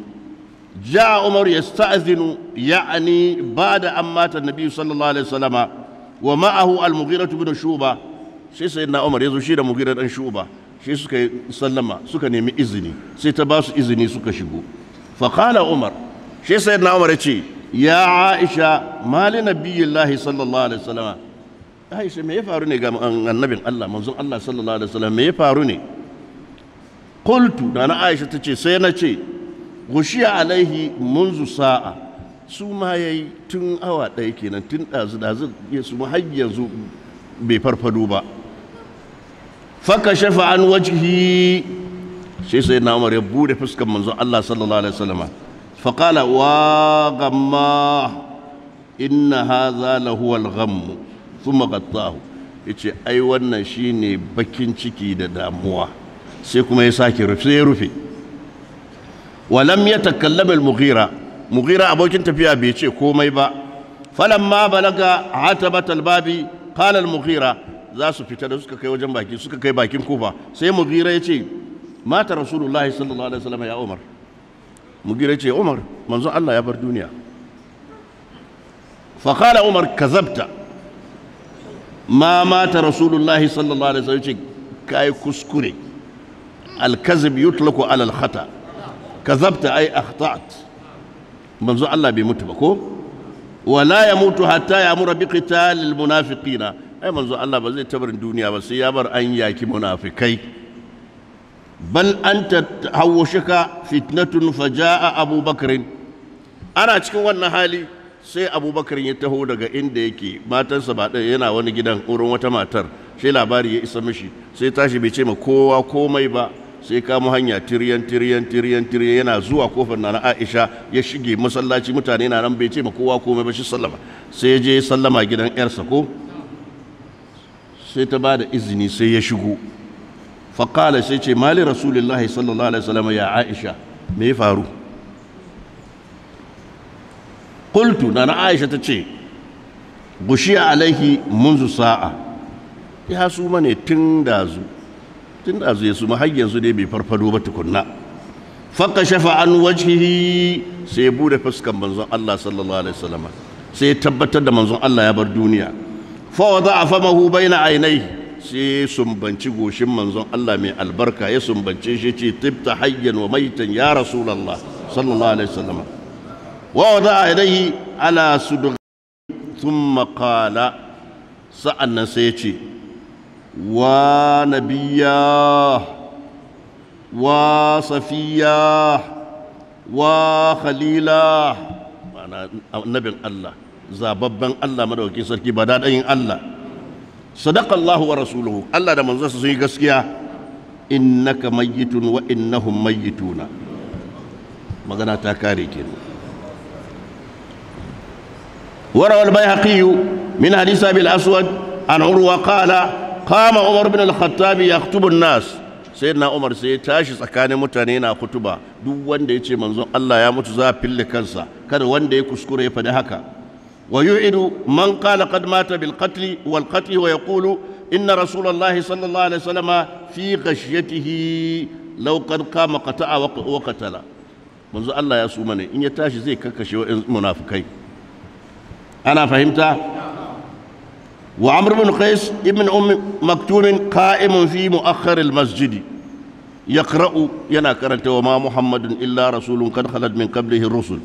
جاء عمر يستأذن يعني بعد أن مات النبي صلى الله عليه وسلم ومعه المغيرة بن شوبة umar ya zo shi da mugirar dan shuba shi suka nemi izini sai ta ba su izini suka shigo umar shi sai na umar ya ce ya aisha mali nabiyillahi sallallahu alaihi wasallam aisha me ya faru ne ga annabin Allah manzon Allah sallallahu alaihi wasallam me ya faru ne da na aisha tace sai na ce gushiya alaihi munzu sa'a su ma ya yi tun awa ɗaya kenan tun ɗazu-ɗazu ya su har yanzu bai farfado ba faka shafa an wajihi shi sai na umar ya bude fuskan manzon Allah sallallahu alaihi wasallam faqala wa gamma inna hadha lahu al-ghamm thumma qattahu yace ai wannan shine bakin ciki da damuwa sai kuma ya sake rufe sai ya rufe walam ya takallama al-mughira mughira abokin tafiya bai ce komai ba ma balaga atabat al-babi qala al-mughira za su fita da suka kai bakin kofa sai mughira ya ce mata rasulullahi sallallahu alaihi wasallam ya umar mughira ya ce umar manzo Allah ya bar duniya fa qala umar kazabta ma mata rasulullahi sallallahu alaihi wasallam ce kuskure al-kazib yutlaku ala kazabta ai akhta'at manzo Allah bai mutu ba ko wala ya mutu hatta ya mura bi qitalil munafiqina ai manzo Allah ba zai tabarin duniya ba sai ya bar an yaki munafikai bal anta hawwashaka faja a abubakar ana cikin wannan hali sai abubakar ya taho daga inda yake matansa ba ɗaya yana wani gidan wurin wata matar sai labari ya isa mishi sai tashi bai ce ma kowa komai ba sai kamo hanya tiriyan tiriyan tiriyan tiriyan yana zuwa kofar na Aisha ya shige masallaci mutane na nan bai ce ma kowa komai ba shi sallama sai je sallama gidan yarsa ko sai ta bada izini sai ya shigo faqala sai ce mali rasulullahi sallallahu alaihi wasallam ya Aisha me ya faru qultu na na Aisha ta ce bushiya alaihi munzu sa'a ya su mane tun dazu tun da zuwa su har yanzu ne bai farfado ba tukunna Fakka shafa an wajhihi sai bude fuskan manzon Allah sallallahu alaihi wasallam sai tabbatar da manzon Allah ya bar duniya fa wada'a famahu baina ainihi sai sumbanci goshin manzon Allah mai albarka ya sumbance shi ce tibta hayyan wa maitan ya rasulullah sallallahu alaihi wasallam wa wada'a yadayhi ala sudghi thumma qala sa'annan sai ya ce Nabiya, wa وخليلا wa Khalila. الله zababban Allah madaukakin sarki ba daɗayin Allah sadaqa Allahu wa rasuluhu Allah da manzansa sun yi gaskiya innaka mayyitun wa innahum mayyituna magana ta kare kenan وروى البيهقي من حديث ابي الاسود عن عروه قال قام عمر بن الخطاب يخطب الناس سيدنا عمر sai tashi tsakanin mutane yana kutuba duk wanda yace manzon Allah ya mutu za fille kansa kada wanda ya kuskure ya faɗi haka wa yu'idu man qala qad mata bil qatl wal qatl wa yaqulu inna rasulullahi sallallahu alaihi wasallam fi ghashyatihi law qad qama qata'a wa qatala manzon Allah ya suma ne in ya tashi zai kakkashe wa'in munafikai ana fahimta وعمر بن قيس ابن أم مكتوم قائم في مؤخر المسجد يقرأ ينا كرنت وما محمد إلا رسول قد خلت من قبله الرسل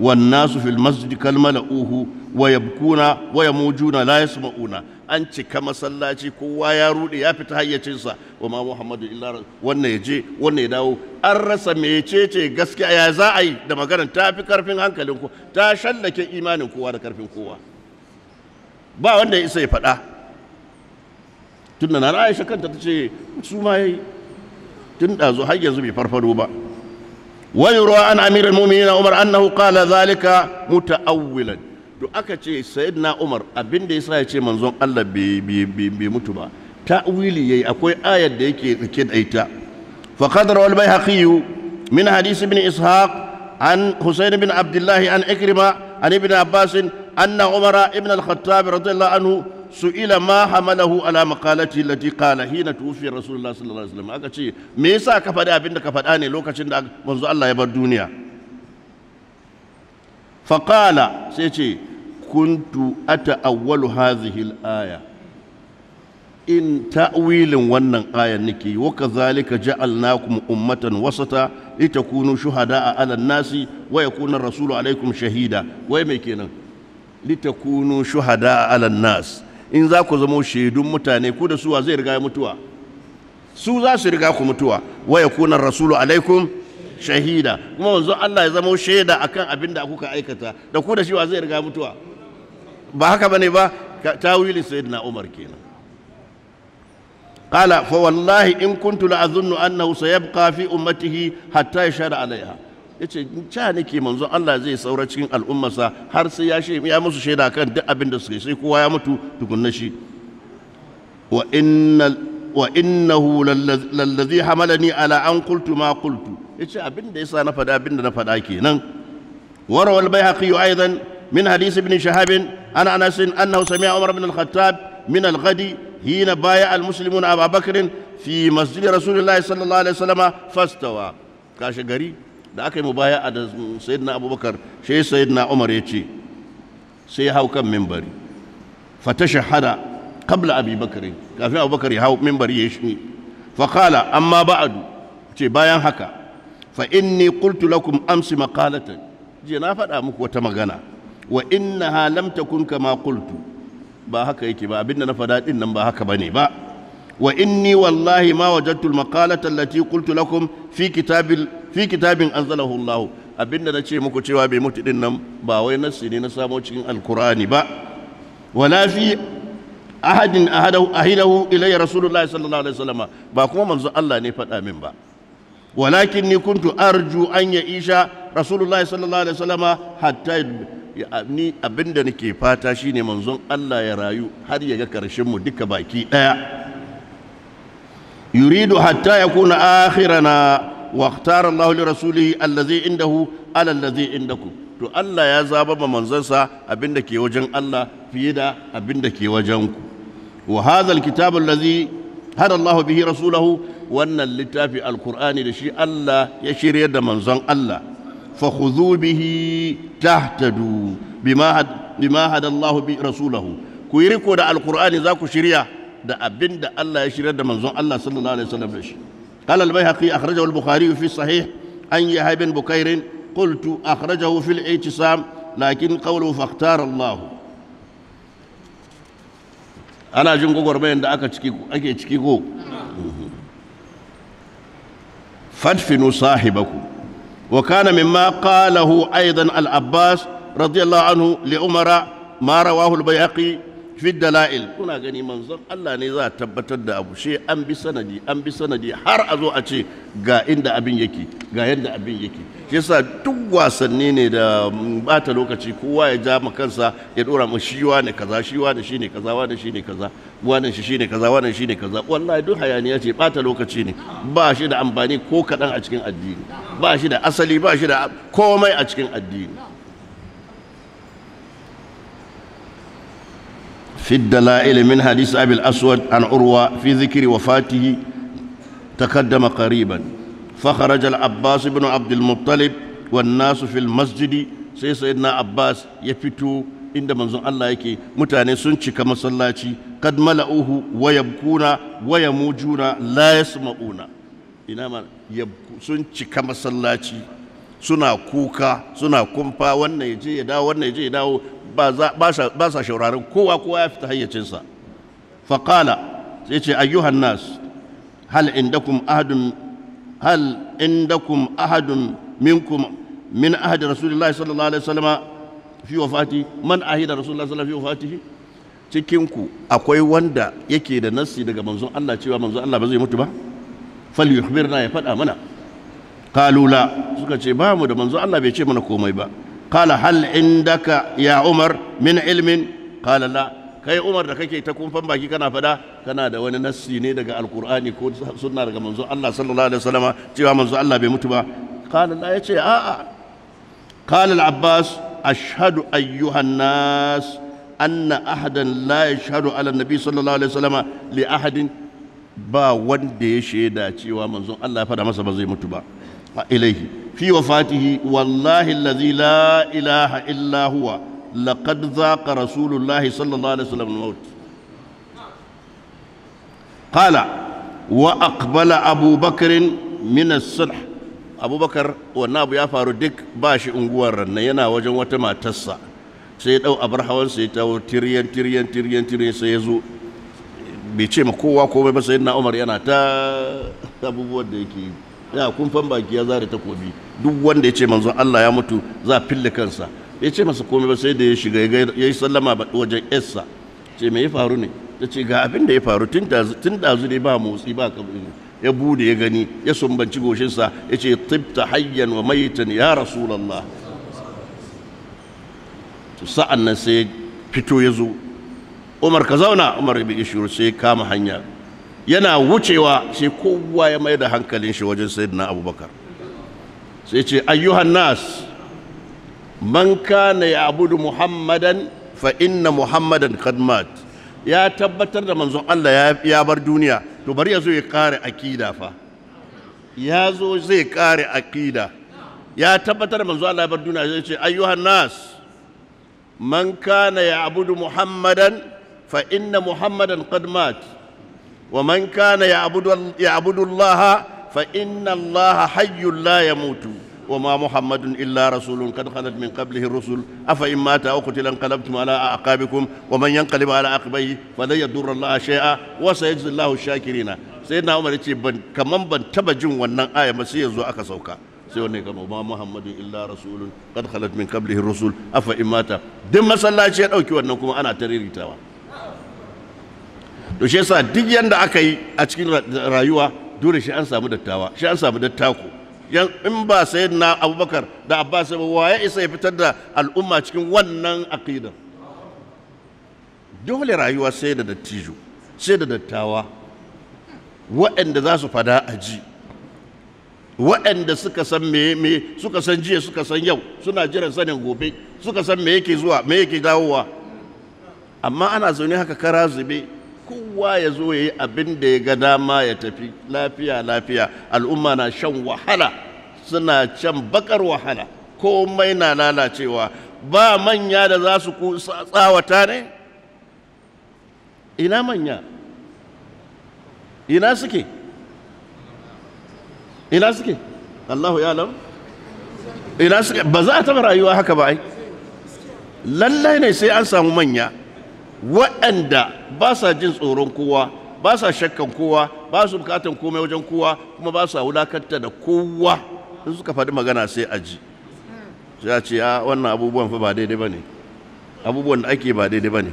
والناس في المسجد كالملؤوه ويبكون ويموجون لا يسمعون أنت كما صلاتي كوا يا رودي يا فتحية تنسى وما محمد إلا رسول وانا يجي وانا يداو الرسا ميتيتي قسكي يا زاعي دما كرن تافي كرفين هنكلين كوا تاشلك إيمان كوا كرفين كوا ba wanda ya isa ya faɗa tunda na Aisha kanta ta ce su ma tun har yanzu bai farfado ba Wani an عن امير المؤمنين umar انه zalika ذلك متاولا to aka ce sayyidina umar abin da yasa ya ce manzon Allah bai mutu ba ta'wili yayi akwai ayar da yake rike da ita fa qadara wal bayhaqi min hadith ibn ishaq an husayn bin abdullah an ikrima an ibn abbas أن عمر ابن الخطاب رضي الله عنه سئل ما حمله على مقالته التي قال حين توفي رسول الله صلى الله me yasa ka faɗi abinda da ka faɗa ne lokacin da manzo Allah ya bar duniya faqala sai ce kuntu ata'awwalu hadhihi al-aya in ta'wilin wannan ayan nake wa kadhalika ja'alnakum ummatan wasata litakunu shuhada'a 'ala an-nasi wa yakuna rasulu 'alaykum shahida wai mai kenan litakunu shuhada ala nas in za ku zamo shaidun mutane ku da suwa zai riga mutuwa su za su riga ku mutuwa wa yakuna rasulu alaikum shahida kuma wanzu Allah ya zama shaida akan abin da kuka aikata da ku da shi wa zai riga mutuwa ba haka bane ba tawili sayyidina Umar kenan qala fa wallahi in kuntu la azunnu annahu sayabqa fi ummatihi hatta yashhada alaiha ya ce ca nake manzon Allah zai saura cikin al'ummarsa har sai ya shi ya musu shaida kan duk abin da suka yi sai kowa ya mutu tukunna shi wa inna wa innahu lallazi hamalani ala an qultu ma qultu yace abin da yasa na fada abin da na fada kenan warawa al-baihaqi aidan min hadith ibn shahab an anas annahu sami'a umar ibn al-khattab min al-ghadi hina baya, al-muslimuna aba bakr fi masjid rasulillahi sallallahu alaihi wasallam fastawa kashi gari da aka yi mubaya'a da sayyidina abubakar shi sayyidina umar ya ce sai hau kan mimbari fata shahada kabla abubakar kafin abubakar ya hau mimbari ya shi faƙala amma ba'adu ce bayan haka fa inni qultu lakum amsi maqalatan je na faɗa muku wata magana wa innaha lam takun kama qultu ba haka yake ba abinda na faɗa din nan ba haka bane ba wa inni wallahi ma wajadtu al maqalata allati qultu lakum fi kitabil fi kitabin anzalahu Allah abinda na ce muku cewa bai mutu din nan ba wai nassi ne na samo cikin alkur'ani ba wala fi ahadin ahidahu ilayya rasulullahi sallallahu alaihi wasallam ba kuma manzo Allah ne faɗa min ba walakin ni kuntu arju an ya isha rasulullahi sallallahu alaihi wasallam hatta ni abinda nake fata shine manzon Allah ya rayu har ya ga karshen mu duka baki daya yuridu hatta yakuna akhirana واختار الله لرسوله الذي عنده على الذي عندكم to Allah ya zaba ma manzansa abinda ke wajen Allah fiye da abinda ke wajen ku wa hadha alkitabu allazi hada Allah bihi rasulahu wannan littafi alqur'ani da shi Allah ya shirye da manzon Allah fa khudhu bihi tahtadu bima bima hada Allah bi rasulahu ku yi riko da alqur'ani za ku shirya da abinda Allah ya shirye da manzon Allah sallallahu alaihi wasallam da shi قال البيهقي أخرجه البخاري في الصحيح أن يحيى بن بكير قلت أخرجه في الاعتصام لكن قوله فاختار الله أنا جنقو قربين دا أكي تشكيكو فادفنوا صاحبكم وكان مما قاله أيضا العباس رضي الله عنه لأمر ما رواه البيهقي fi dala'il kuna gani manzon Allah ne za a tabbatar da abu shi an bi sanadi an bi sanadi har a zo a ce ga inda abin yake ga yadda abin yake shi yasa duk wasanni ne da mm, bata lokaci kowa ya ja ma kansa ya dora mu shi ne kaza shi ne shi ne kaza wa shi ne kaza wannan shi shi ne kaza wannan shi ne kaza wallahi duk hayaniya ce bata lokaci ne ba shi da amfani ko kaɗan a cikin addini ba shi da asali ba shi da komai a cikin addini في الدلائل من حديث أبي الأسود عن عروة في ذكر وفاته تقدم قريبا فخرج العباس بن عبد المطلب والناس في المسجد سي سيدنا عباس يفتو عند منزون الله يكي متاني سنشي كما صلاتي قد ملأوه ويبكون ويموجون لا يسمعون إنما يبكو سنشي كما صلاتي suna kuka suna kumfa wannan ya je ya dawo wannan ya je ya dawo ba sa shauraron kowa kowa ya fita hayyacinsa faƙala sai ce ayyuhan nas hal indakum ahadun hal indakum ahadun minkum min ahadi rasulullahi sallallahu alaihi wasallama fi wafati man ahida rasulullahi sallallahu alaihi wasallama fi wafati. cikin ku akwai wanda yake da nassi daga manzon Allah cewa manzon Allah ba zai mutu ba fal yukhbirna ya faɗa mana kalula suka ce ba mu da manzon Allah bai ce mana komai ba قال هل عندك يا عمر من علم قال لا كي عمر لك كي تكون فم باقي كنا فدا كنا دا وانا نسي نيدا القرآن يكون سنة لك منزو الله صلى الله عليه وسلم تيوا منزو الله بمتبا قال لا يا شيء آآ آه،, آه. قال العباس أشهد أيها الناس أن أحدا لا يشهد على النبي صلى الله عليه وسلم لأحد با وندي شيدا تيوا منزو الله فدا مسا بزي متبا إليه fi wafatihi wallahi allazi la ilaha illa huwa laqad zaqa rasulullahi sallallahu alaihi wasallam al-maut qala wa aqbala abu bakr min as-sulh abu ya faru duk ba shi unguwar ranna yana wajen wata matarsa sai ya dau abar sai ya tawo tiryan tiryan tiryan tiryan sai ya zo bai ce ma kowa ba sai na umar yana ta abubuwan da yake yi ya kumfan baki ya zare takobi duk wanda ya ce manzon Allah ya mutu za fille kansa ya ce masa komai ba sai da ya shiga ya yi sallama wajen yarsa ce me ya faru ne ta ce ga abin da ya faru tun da ne ba motsi ba kabin ya bude ya gani ya sumbanci goshinsa ya ce tibta hayyan wa maitan ya rasulallah sa'an nan sai fito ya zo umar ka zauna umar ya shiru sai kama hanya yana wucewa sai kowa ya mai da hankalin shi wajen sayyidina abubakar sai ce ayyuhan nas man kana ya abudu muhammadan fa inna muhammadan kadmat ya tabbatar da manzon Allah ya bar duniya to bari ya zo ya kare akida fa ya zo zai kare akida ya tabbatar da manzon Allah ya bar duniya zai ce ayyuhan nas man kana ya abudu muhammadan fa inna muhammadan kadmat ومن كان يعبد, يعبد الله فإن الله حي لا يموت وما محمد إلا رسول قد خلت من قبله الرسل أفإن مات أو قتل انقلبتم على أعقابكم ومن ينقلب على عقبيه فلن يضر الله شيئا وسيجزي الله الشاكرين سيدنا عمر يتي بن كمان بن تبجن ونن آية مسيح زو أكا سوكا سيوني كان وما محمد إلا رسول قد خلت من قبله الرسل أفإن مات دم مسلا شيئا أو كي ونن أنا تريري تاوان to shi yasa duk yanda aka yi a cikin rayuwa dole shi an samu dattawa shi an samu dattako in ba na abubakar da abbas ba waye isa ya fitar da al'umma cikin wannan aqidar dole rayuwa sai da dattijo sai da dattawa waɗanda za su fada a ji waɗanda suka san me suka san jiya suka san yau suna jiran sanin gobe suka san me yake zuwa me yake dawowa amma ana zaune haka kara zube kowa ya zo ya yi abin da ya ga dama ya tafi lafiya lafiya al'umma na shan wahala suna can bakar wahala komai na lalacewa ba manya da za su tsawata ne ina manya ina suke ina suke Allahu ya lam ina suke ba za a taɓa rayuwa haka ba ai lallai ne sai an samu manya waɗanda ba sa jin tsoron kowa ba sa shakkan kowa ba su bukatan komai wajen kowa kuma ba sa wulakanta da kowa in suka faɗi magana sai a ji sai a ce a ah, wannan abubuwan fa ba daidai ba ne abubuwan da ake ba daidai ba ne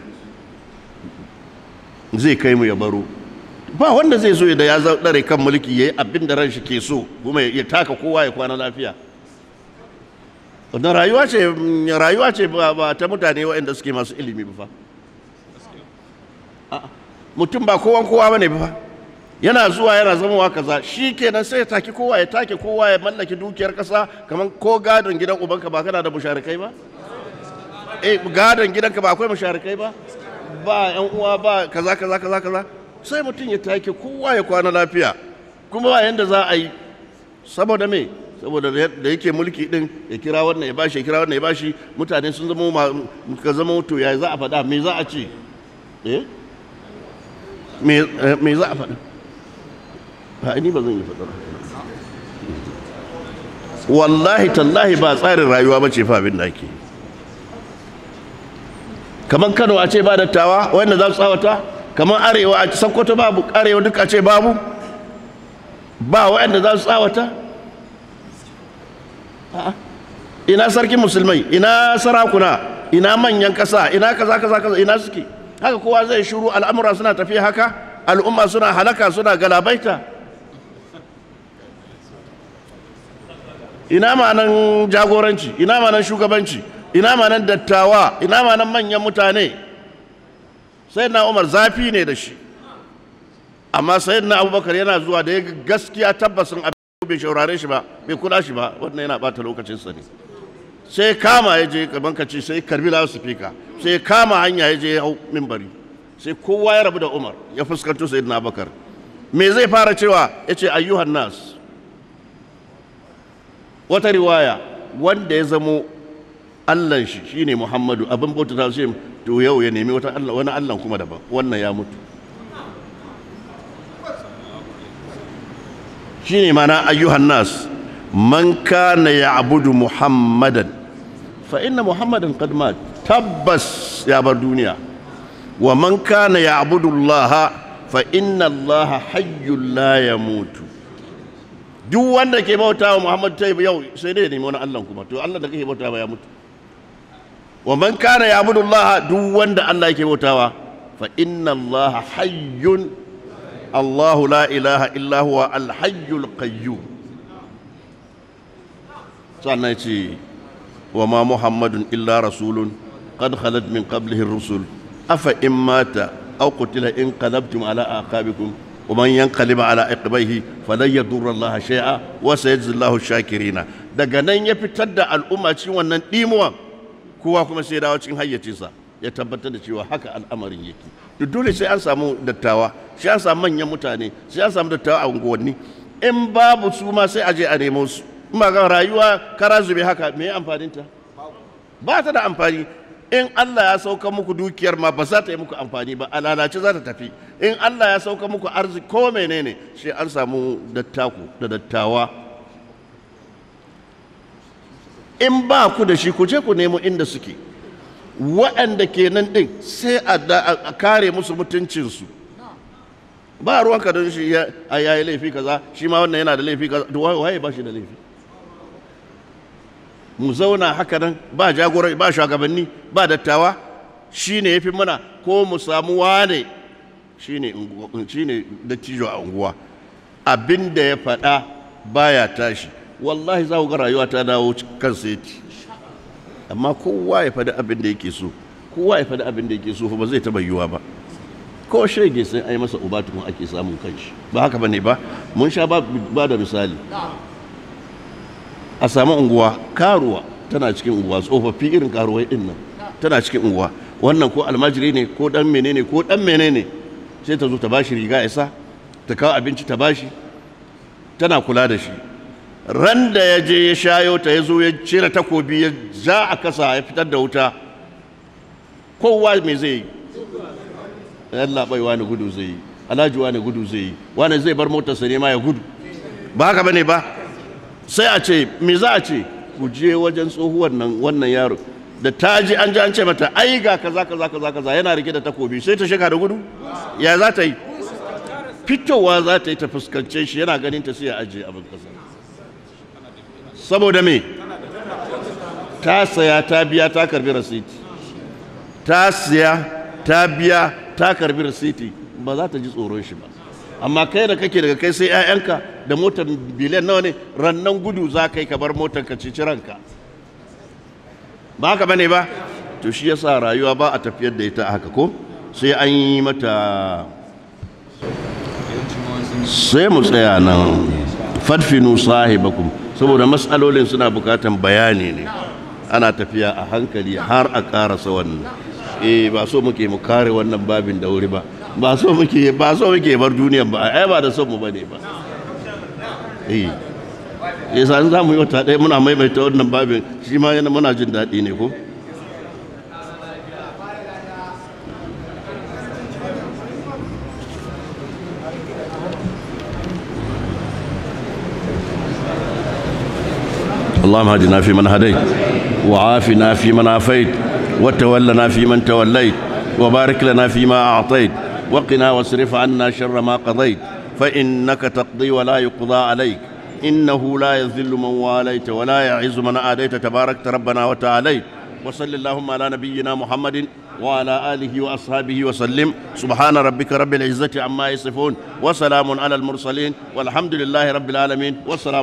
zai kai mu ya baro ba wanda zai zo da ya zaɗare kan mulki ya yi abin da ranshi ke so kuma ya taka kowa ya kwana lafiya wannan rayuwa ce rayuwa ce ba ta mutane waɗanda suke masu ilimi ba fa mutum ba kowan kowa bane ba yana zuwa yana zamowa kaza shi kenan sai ya taki kowa ya take kowa ya mallaki dukiyar kasa kamar ko gadon gidan ubanka ba kana da musharikai ba eh gadon gidanka ba akwai musharikai ba ba yan uwa ba kaza kaza kaza kaza sai mutum ya take kowa ya kwana lafiya kuma ba yanda za a yi saboda me saboda da yake mulki din ya kira wannan ya bashi ya kira wannan ya bashi mutane sun zama ka zama to ya za a faɗa me za a ce eh me za a faɗa fa'ini ba zan yi faɗa wallahi tallahi ba tsarin rayuwa ba ce fabin da ake kamar kano a ce ba dattawa wanda za su tsawata kamar arewa a sakkwato babu arewa duk a ce babu ba wa'anda za su tsawata ina sarkin musulmai ina sarakuna ina manyan kasa ina kaza kaza kaza ina suke haka kowa zai shiru al'amura suna tafiya haka al'umma suna halaka suna galabaita ina manan jagoranci ina manan shugabanci ina manan dattawa ina manan manyan mutane sai na umar zafi ne da shi amma sai na abubakar yana zuwa da ya gaskiya tabbasin abin bai shaurare shi ba bai kula shi ba wannan yana bata lokacinsa ne sai kama ya je kaman ka ce sai karbi la fika sai kama hanya ya je ya hau mimbari sai kowa ya rabu da Umar ya fuskanto Sayyidina Abubakar me zai fara cewa yace ayyuhan nas wata riwaya wanda ya zamo Allahn shi shine Muhammadu abin bauta ta shi to yau ya nemi wata Allah wani allan kuma daban wannan ya mutu shine mana ayyuhan nas man kana abudu Muhammadan fa inna muhammadin qad tabbas ya bar duniya wa man kana ya'budu allaha fa inna allaha hayyul la yamutu duk wanda ke bauta wa ta yau sai dai wani allah to allah da kake bauta ba ya mutu wa man kana allah bautawa fa inna الله لا إله إلا هو الحي القيوم وما محمد إلا رسول قد خلت من قبله الرسل أفإن مات أو قتل انقلبتم على أعقابكم ومن ينقلب على عقبيه فلن يضر الله شيئا وسيجزي الله الشاكرين daga nan ya fitar da al'umma cikin wannan dimuwa kowa kuma sai dawo cikin hayyacinsa ya tabbatar da cewa haka al'amarin yake Duk dole sai an samu dattawa sai an samu manyan mutane sai an samu dattawa a unguwanni in babu su ma sai a je a nemo su magan rayuwa kara zube haka me amfaninta ba ta da amfani in Allah ya sauka muku dukiyar ma ba za ta yi muku amfani ba a lalace za ta tafi in Allah ya sauka muku arziki ko menene shi an samu dattaku da dattawa in ba ku da shi ku je ku nemo inda suke waɗanda ke nan ɗin sai a kare musu mutuncinsu ba ka don shi a yayi laifi kaza shi ma wannan yana da laifi kaza waye ba shi da laifi mu zauna haka nan ba jagorai ba shugabanni ba dattawa shi ne ya fi mana ko mu samu wane shi ne dattijo a unguwa abin da ya faɗa baya tashi wallahi za ku ga rayuwa ta dawo kan seti amma kowa ya faɗi abin da yake so kowa ya faɗi abin da yake so ba zai taɓa yiwuwa ba ko shege sai yi masa uba ake samun kanshi ba haka bane ba mun sha ba da misali a samu unguwa karuwa tana cikin unguwa tsofaffi irin karuwai din nan tana cikin unguwa wannan ko almajiri ne ko dan menene ko dan menene sai ta zo ta bashi riga isa ta kawo abinci ta bashi tana kula da shi ran da ya je ya shayo ta ya zo ya cire takobi ya za a kasa ya fitar da wuta kowa me zai yi Allah bai wani gudu zai yi alhaji wani gudu zai yi wani zai bar motarsa ne ma ya gudu ba haka bane ba sai a ce me za a ce ku je wajen tsohuwar nan wannan yaro da ta ji an ji an ce mata ai ga kaza kaza kaza kaza yana rike da takobi sai ta shiga da gudu ya za ta yi fitowa za ta yi ta fuskance shi yana ganin ta sai ya ajiye abin kasa saboda me ta saya ta biya ta karbi rasiti ta saya ta biya ta karbi rasiti ba za ta ji tsoron shi ba amma kai da kake daga kai sai 'ya'yanka da motar biliyan nawa ne rannan gudu za ka yi ka bar motar ka cici ranka ba haka bane ba to shi ya sa rayuwa ba a tafiyar da ita haka ko sai an yi mata sai mu tsaya nan fadfinu sahibakum saboda matsalolin suna bukatan bayani ne ana tafiya a hankali har a karasa wannan eh ba so muke mu kare wannan babin da wuri ba باسو مكي باسو مكي برجوني أبا أي بعد سو مبادي با إيه إيه سان سام يو تا إيه منا مي متور نبابة شيما ين منا جندا تيني هو اللهم هدنا في من هديت وعافنا في من عافيت وتولنا في من توليت وبارك لنا فيما أعطيت وقنا واصرف عنا شر ما قضيت فإنك تقضي ولا يقضى عليك إنه لا يذل من واليت ولا يعز من آديت تباركت ربنا وتعاليت وصل اللهم على نبينا محمد وعلى آله وأصحابه وسلم سبحان ربك رب العزة عما يصفون وسلام على المرسلين والحمد لله رب العالمين والسلام